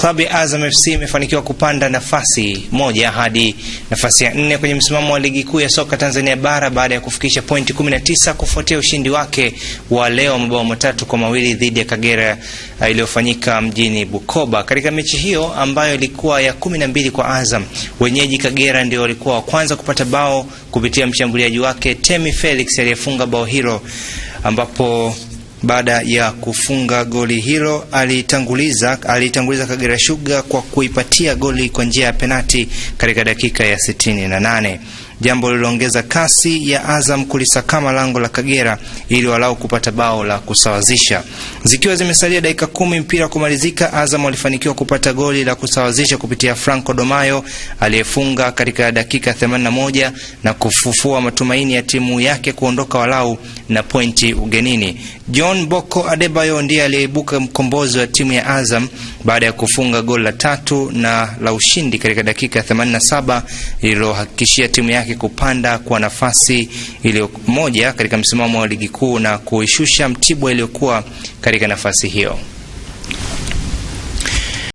klabu ya Azam FC imefanikiwa kupanda nafasi moja hadi nafasi ya nne kwenye msimamo wa ligi kuu ya soka Tanzania bara baada ya kufikisha pointi 19 kufuatia ushindi wake wa leo mabao matatu kwa mawili dhidi ya Kagera uh, iliyofanyika mjini Bukoba. Katika mechi hiyo ambayo ilikuwa ya 12 kwa Azam, wenyeji Kagera ndio walikuwa wa kwanza kupata bao kupitia mshambuliaji wake Temi Felix aliyefunga bao hilo ambapo baada ya kufunga goli hilo alitanguliza alitanguliza Kagera Sugar kwa kuipatia goli kwa njia ya penati katika dakika ya 68 na jambo lililoongeza kasi ya Azam kulisakama lango la Kagera ili walau kupata bao la kusawazisha. Zikiwa zimesalia dakika kumi mpira kumalizika, Azam walifanikiwa kupata goli la kusawazisha kupitia Franco Domayo aliyefunga katika dakika 81 na kufufua matumaini ya timu yake kuondoka walau na pointi ugenini. John Boko Adebayo ndiye aliyeibuka mkombozi wa timu ya Azam baada ya kufunga goli la tatu na la ushindi katika dakika 87 lililohakikishia timu yake yake kupanda kwa nafasi iliyo moja katika msimamo wa ligi kuu na kuishusha Mtibwa iliyokuwa katika nafasi hiyo.